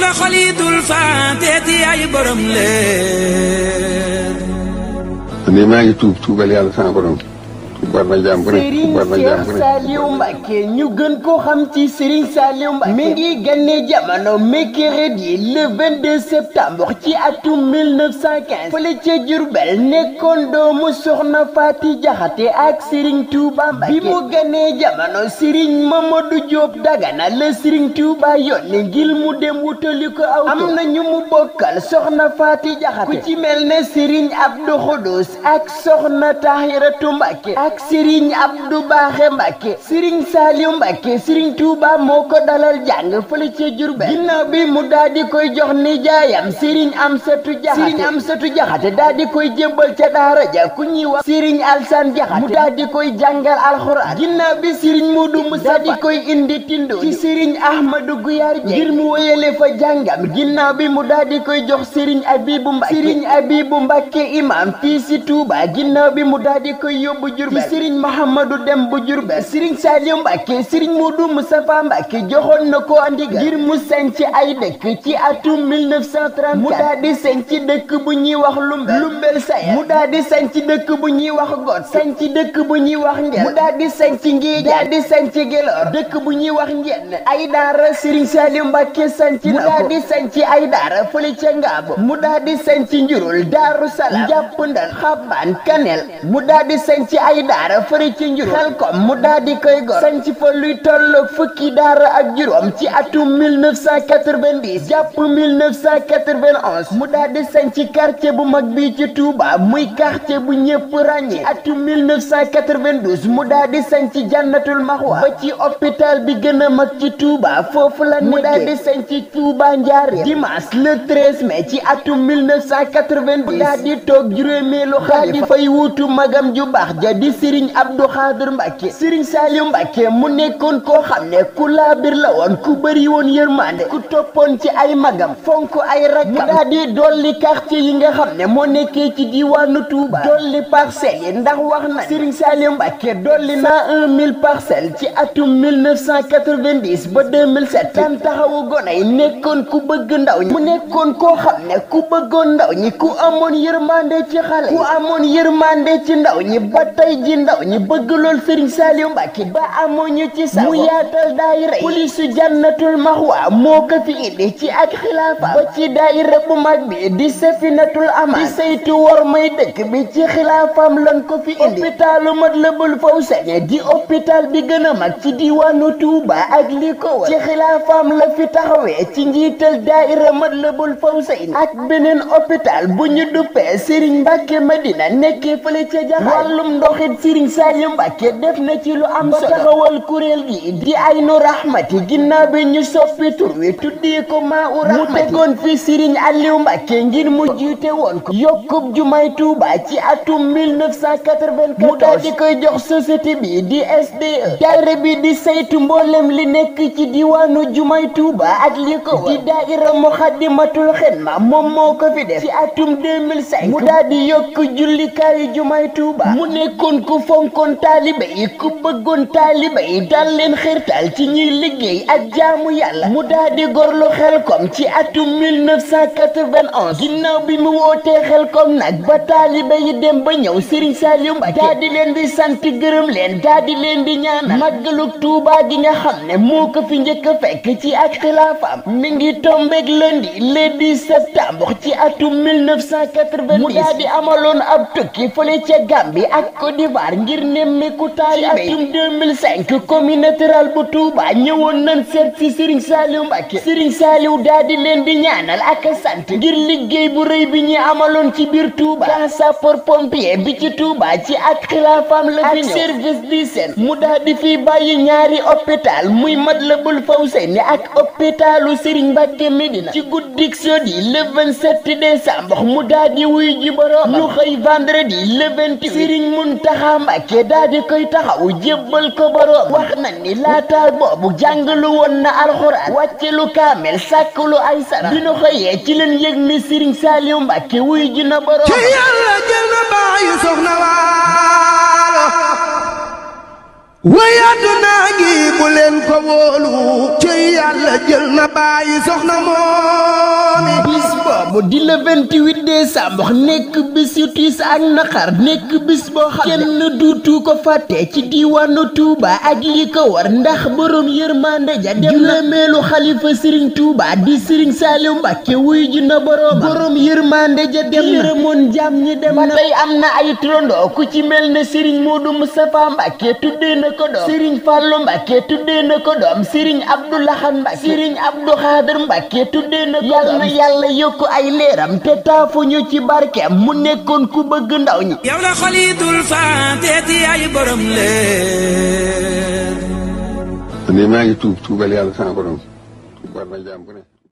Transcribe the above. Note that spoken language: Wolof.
soxla xolidul faateeti ay borom leer. ne maa ngi tuub tuubal yàlla sama borom. war na jàmm bu ne ñu gën ko xam ci Serigne Saliou Mbacké mi ngi gane jamono mercredi le 22 septembre ci atum 1915 fële ca Diourbel nekkoon doomu Soxna Faati Jaxate ak Serigne Touba Mbacké bi mu gane jamono Serigne Mamadou Diop Dagana la Serigne Touba yónni ngir mu dem wutali ko aw am na ñu mu ci mel ne Serigne Abdou Khoudous ak Soxna Tahiratu Mbacké ak Serigne Abdou Baaxe Mbacke Serigne Saliou Mbacke Serigne Touba moo ko dalal jàng fële ca Diourbel ginnaaw bi mu daal di koy jox nijaayam Serigne Amsatu Jaxate Serigne Amsatu Jaxate daal di koy jébbal ca daara ja ku ñuy wax Serigne Alsaan Jaxate mu daal di koy jàngal alxuraan ginnaaw bi Serigne Modou Moussa di koy indi tindo ci Serigne Ahmadou Gouyaar ngir mu wéyale fa jàngam ginnaaw bi mu daal di koy jox Serigne Abibou Mbacke Serigne Abibou Mbacke fii si Touba ginnaaw bi mu daal di koy yóbbu Diourbel sëriñ Mahamadu dem bu Jurbel sëriñ Saaliw Mbàkke sëriñ Moodu Mustafaa Mbàkke joxoon na ko ndigal ngir mu sañ ci ay dëkk ci atum 1934 mu daal di sañ ci dëkk bu ñuy wax Lumbel Lumbel Sayer mu daal di sañ ci dëkk bu ñuy wax Got sañ ci dëkk bu ñuy wax Njel mu daal di sañ di sañ ci Gelor dëkk bu ñuy wax Njenn ay daara sëriñ Saaliw Mbàkke sañ ci na ay daara fële ca Ngaabo mu daal di sañ ci Njurul Daaru Salaam Njàpp Ndal mu daal di sañ ay daara daara fëri ci njur xelkom mu daal di koy gor sanc fa luy tolloog fukki daara ak juróom ci atum 1990 jàpp 1991 mu daal di sanc quartier bu mag bi ci Touba muy quartier bu ñëpp ràññee atum 1992 mu daal di sanc jannatul maxwa ba ci hôpital bi gën mag ci Touba foofu la mu daal di sanc Touba Njaareem dimanche le 13 mai ci atum 1990 mu daal di toog juróomeelu xalifa fay magam ju baax ja di si Serigne Abdou Khader Mbacke Serigne Saliou Mbacke mu nekkoon koo xam ne ku laabir la woon ku bëri woon yërmande ku toppoon ci ay magam fonk ay rakkam mu daal di dolli quartier yi nga xam ne moo nekkee ci diwaanu tuuba dolli parcelles yi ndax wax na Serigne Saliou Mbacke dolli naa un mille parcelles ci atum 1990 ba 2007 daan taxawu gone yi nekkoon ku bëgg ndaw ñi mu nekkoon koo xam ne ku ndaw ñi ku amoon yërmande ci xale ku amoon yërmande ci ndaw ñi ba tey ji ndaw ñi bëgg lool sëriñ Saliou Mbacke ba amoñu ci sa mu yaatal daayira yi polisu jannatul maxwa moo ko fi indi ci ak xilaafa ba ci daayira bu mag bi di safinatul amaan di saytu war may dëkk bi ci xilaafam lan ko fi indi hôpitalu Matlaboul Fawzayni di hôpital bi gën a mag ci diwaanu Touba ak li ko wër ci xilaafam la fi taxawee ci njiital daayira Matlaboul Fawzayni ak beneen hôpital bu ñu duppee Serigne Mbacke Madina nekkee fële ca jaxal wàllum ndoxit sëriñ Saliou Mbacke def na lu am di Aynu Rahmati ginnaaw bi ñu soppi tur wi tuddee ko maa mu tegoon woon ko yokkub jumaay ci atum 1994 mu daal di koy jox société bi di SDE daayira di saytu mboolem li nekk ci diwaanu jumaay Tuuba ak li ko di daayira Muxaddamatul Xidma moom moo ko fi def ci atum mu daal di yokk jullikaayu jumaay Tuuba mu nekkoon ko ku fonkoon taaliba yi ku bëggoon taaliba yi daan leen xirtal ci ñiy liggéey ak jaamu yàlla mu daa di gorlu xelkom ci atum 1991 ginnaaw bi mu wootee xelkom nag ba taaliba yi dem ba ñëw Serigne Saliou Mbacké daa di leen di sant gërëm leen daa di leen di ñaanal màggalug Tuubaa gi nga xam ne moo ko fi njëkk a fekk ci ak xilaafam mu ngi tombeeg lundi le 10 septembre ci atum 1990 mu daa amaloon ab tukki fële ca Gambie ak Côte d'Ivoire Touba ngir nemmeeku taay atum 2005 commune naturale bu Touba ñëwoon nañ seet si Serigne Saliou Mbacké Serigne Saliou daal di leen di ñaanal ak sant ngir liggéey bu rëy bi ñu amaloon ci biir Touba ka sapeur pompier bi ci Touba ci ak xilaafam la fi ñëw service di seen mu daal di fi bàyyi ñaari hôpital muy Matlaboul Fawzeyni ak hôpitalu Serigne Mbacké Médina ci guddik jeudi le 27 décembre mu daal di wuy ji borom xëy vendredi le 28 Touba Mbàkke daa di koy taxaw jébbal ko boroom wax na ni laata boobu jàngalu woon na alxuraan wàcce lu kaamel sàkk ay sara bi xëyee ci leen yëg ni Sëriñ Saaliw Mbàkke wuy ji na boroom ci yàlla jël na baayu soxna na moo noonu bis boobu di le 28 décembre nekk bis yu tiis ak naqar nekk bis boo xam kenn duutu ko fàtte ci diiwaanu Touba ak li ko ndax borom yërmande ja dem na meelu xalifa Serigne Touba di Serigne Saliou Mbacké wuy ji na borom borom yërmande ja dem na yërëmoon jàmm dem na tey am na ay turandoo ku ci mel ne Serigne Modou Moustapha Mbacké tuddee na ko doom Serigne Fallou Mbacké tuddee na ko doom Serigne Abdou Lahad tuddee na ko doom yàlla yokku ay leeram te taafu ñu ci barke mu nekkoon ku bëgg ndaw ñi yow la xolitul faateeti ay borom leer ne maa ngi tuub tuubal yàlla sama borom tuubal ma jaam ku ne